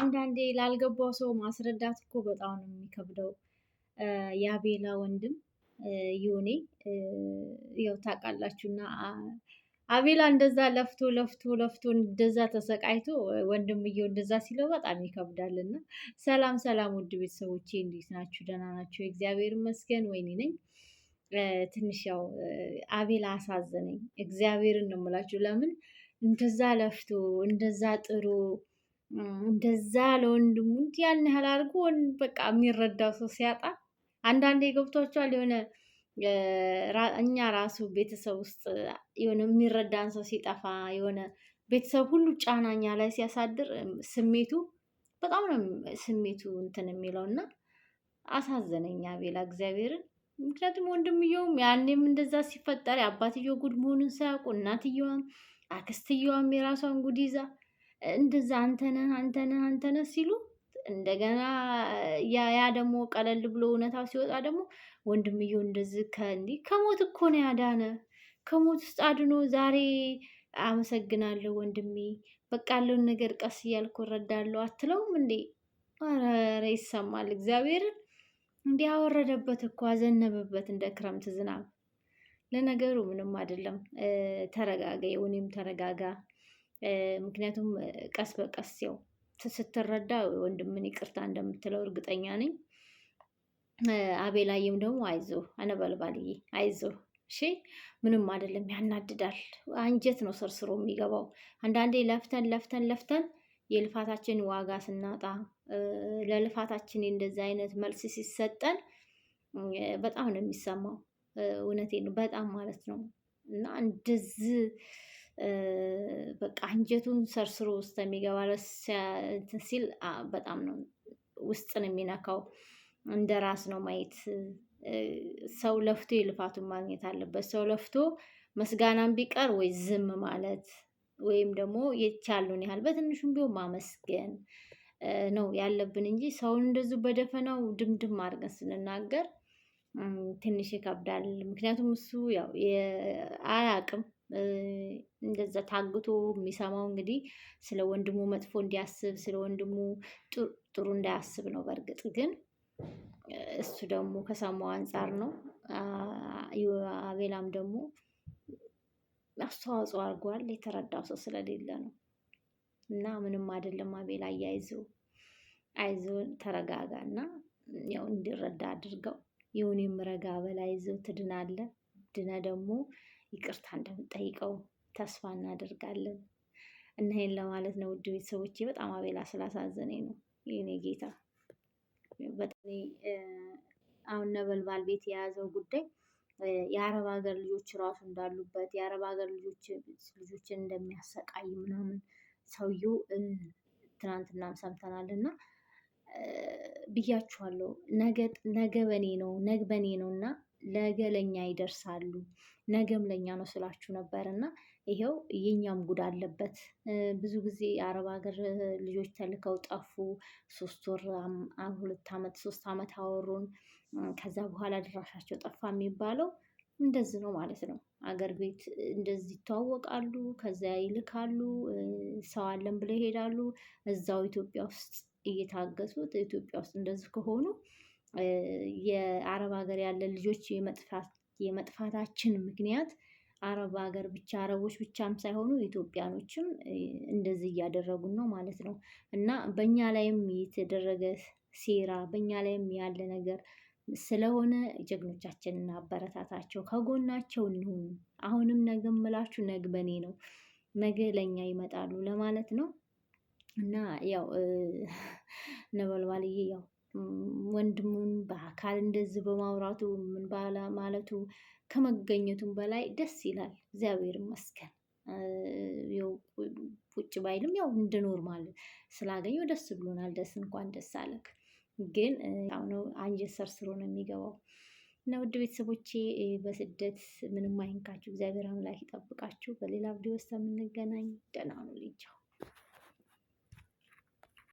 አንዳንዴ ላልገባው ሰው ማስረዳት እኮ በጣም ነው የሚከብደው። የአቤላ ወንድም ዮኔ ያው ታውቃላችሁ እና አቤላ እንደዛ ለፍቶ ለፍቶ ለፍቶ እንደዛ ተሰቃይቶ ወንድምየው እንደዛ ሲለው በጣም ይከብዳል። እና ሰላም ሰላም፣ ውድ ቤተሰቦቼ እንዴት ናችሁ? ደህና ናቸው። እግዚአብሔር ይመስገን። ወይኔ ነኝ ትንሽ ያው አቤላ አሳዘነኝ። እግዚአብሔር ነው ለምን እንደዛ ለፍቶ እንደዛ ጥሩ እንደዛ ለወንድሙ እንዲህ ያን ያህል አድርጎ በቃ የሚረዳው ሰው ሲያጣ አንዳንዴ ገብቷቸዋል። የሆነ እኛ ራሱ ቤተሰብ ውስጥ የሆነ የሚረዳን ሰው ሲጠፋ የሆነ ቤተሰብ ሁሉ ጫናኛ ላይ ሲያሳድር ስሜቱ በጣም ነው ስሜቱ እንትን የሚለው እና አሳዘነኛ ቤላ እግዚአብሔርን። ምክንያቱም ወንድምየውም ያኔም እንደዛ ሲፈጠር የአባትየው ጉድ መሆኑን ሳያውቁ እናትየዋም አክስትየዋም የራሷን ጉድ ይዛ እንደዛ አንተነህ አንተነህ አንተነህ ሲሉ እንደገና ያ ደግሞ ቀለል ብሎ እውነታው ሲወጣ ደግሞ ወንድምየው እንደዚህ ከእንዲህ ከሞት እኮ ነው ያዳነ ከሞት ውስጥ አድኖ ዛሬ አመሰግናለሁ ወንድሜ፣ በቃ ያለውን ነገር ቀስ እያልኩ እረዳለሁ አትለውም እንዴ? ኧረ ይሰማል። እግዚአብሔርን እንዲህ አወረደበት እኮ አዘነበበት፣ እንደ ክረምት ዝናብ። ለነገሩ ምንም አይደለም። ተረጋጋ፣ የሆኔም ተረጋጋ። ምክንያቱም ቀስ በቀስ ያው ስትረዳ ወንድምን ይቅርታ እንደምትለው እርግጠኛ ነኝ። አቤላዬም ደግሞ አይዞህ አነበልባልዬ አይዞ እሺ ምንም አይደለም፣ ያናድዳል። አንጀት ነው ሰርስሮ የሚገባው። አንዳንዴ ለፍተን ለፍተን ለፍተን የልፋታችን ዋጋ ስናጣ ለልፋታችን እንደዚህ አይነት መልስ ሲሰጠን በጣም ነው የሚሰማው። እውነቴ በጣም ማለት ነው እና እንደዚህ በቃ አንጀቱን ሰርስሮ ውስጥ የሚገባ ሲል በጣም ነው ውስጥን የሚነካው። እንደ ራስ ነው ማየት። ሰው ለፍቶ የልፋቱን ማግኘት አለበት። ሰው ለፍቶ መስጋናን ቢቀር ወይ ዝም ማለት ወይም ደግሞ የቻሉን ያህል በትንሹም ቢሆን ማመስገን ነው ያለብን እንጂ ሰውን እንደዚሁ በደፈናው ድምድም አድርገን ስንናገር ትንሽ ይከብዳል። ምክንያቱም እሱ ያው አያውቅም እንደዛ ታግቶ የሚሰማው እንግዲህ ስለ ወንድሙ መጥፎ እንዲያስብ ስለ ወንድሙ ጥሩ እንዳያስብ ነው። በእርግጥ ግን እሱ ደግሞ ከሰማው አንጻር ነው። አቤላም ደግሞ አስተዋጽኦ አድርጓል። የተረዳው ሰው ስለሌለ ነው። እና ምንም አይደለም አቤላ አያይዘው አይዘው ተረጋጋ እና ያው እንዲረዳ አድርገው ይሁን የምረጋ በላይ ይዘው ትድናለ ድነ ደግሞ ይቅርታ እንደምንጠይቀው ተስፋ እናደርጋለን። እና ይህን ለማለት ነው ውድ ቤተሰቦች በጣም አቤላ ስላሳዘነኝ ነው የኔ ጌታ። በጣም አሁን ነበልባል ቤት የያዘው ጉዳይ የአረብ ሀገር ልጆች ራሱ እንዳሉበት የአረብ ሀገር ልጆች ልጆችን እንደሚያሰቃይ ምናምን ሰውየው ትናንትናም ሰምተናል እና ብያችኋለሁ። ነገ በኔ ነው ነግ በኔ ነው እና ለገለኛ ይደርሳሉ ነገም ለኛ ነው ስላችሁ ነበር እና ይሄው የኛም ጉድ አለበት። ብዙ ጊዜ አረብ ሀገር ልጆች ተልከው ጠፉ። ሶስት ወር ሁለት ዓመት ሶስት ዓመት አወሩን ከዛ በኋላ ድራሻቸው ጠፋ የሚባለው እንደዚህ ነው ማለት ነው። አገር ቤት እንደዚህ ይተዋወቃሉ ከዛ ይልካሉ ሰው አለን ብለው ይሄዳሉ። እዛው ኢትዮጵያ ውስጥ እየታገሱት ኢትዮጵያ ውስጥ እንደዚህ ከሆኑ የአረብ ሀገር ያለን ልጆች የመጥፋታችን ምክንያት አረብ ሀገር ብቻ አረቦች ብቻም ሳይሆኑ ኢትዮጵያኖችም እንደዚህ እያደረጉን ነው ማለት ነው። እና በእኛ ላይም የተደረገ ሴራ በእኛ ላይም ያለ ነገር ስለሆነ ጀግኖቻችንን እናበረታታቸው ከጎናቸው እንሁን። አሁንም ነገ የምላችሁ ነው ነገ ለእኛ ይመጣሉ ለማለት ነው። እና ያው ነበልባልዬ ያው ወንድሙን በአካል እንደዚህ በማውራቱ ምን ባላ ማለቱ ከመገኘቱም በላይ ደስ ይላል። እግዚአብሔር ይመስገን። ውጭ ባይልም ያው እንደ ኖርማል ስላገኘው ደስ ብሎናል። ደስ እንኳን ደስ አለክ። ግን አሁን አንጀት ሰርስሮ ነው የሚገባው። እና ውድ ቤተሰቦቼ በስደት ምንም አይንካችሁ፣ እግዚአብሔር አምላክ ይጠብቃችሁ። በሌላ ቪዲዮ እስከምንገናኝ ደህና ሁኑልኝ። ቻው